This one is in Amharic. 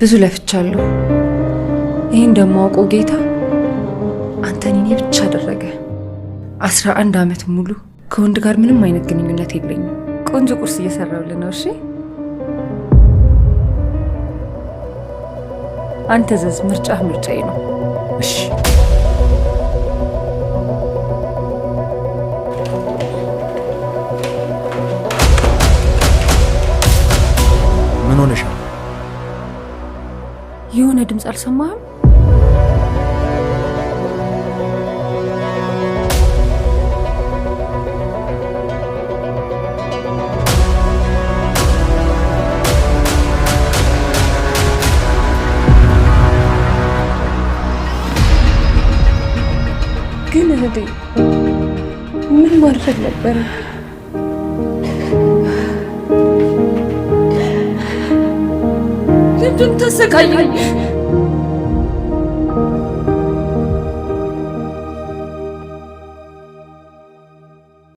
ብዙ ለፍቻለሁ። ይህ እንደማውቀው ጌታ አንተን እኔ ብቻ አደረገ። አስራ አንድ ዓመት ሙሉ ከወንድ ጋር ምንም አይነት ግንኙነት የለኝም። ቆንጆ ቁርስ እየሰራሁልህ ነው። እሺ አንተ ዘዝ ምርጫ ምርጫዬ ነው። እሺ ምን ሆነሻል? የሆነ ድምፅ አልሰማህም? ግን እህቴ ምን ማድረግ ነበረ? 좀 탔을 가요.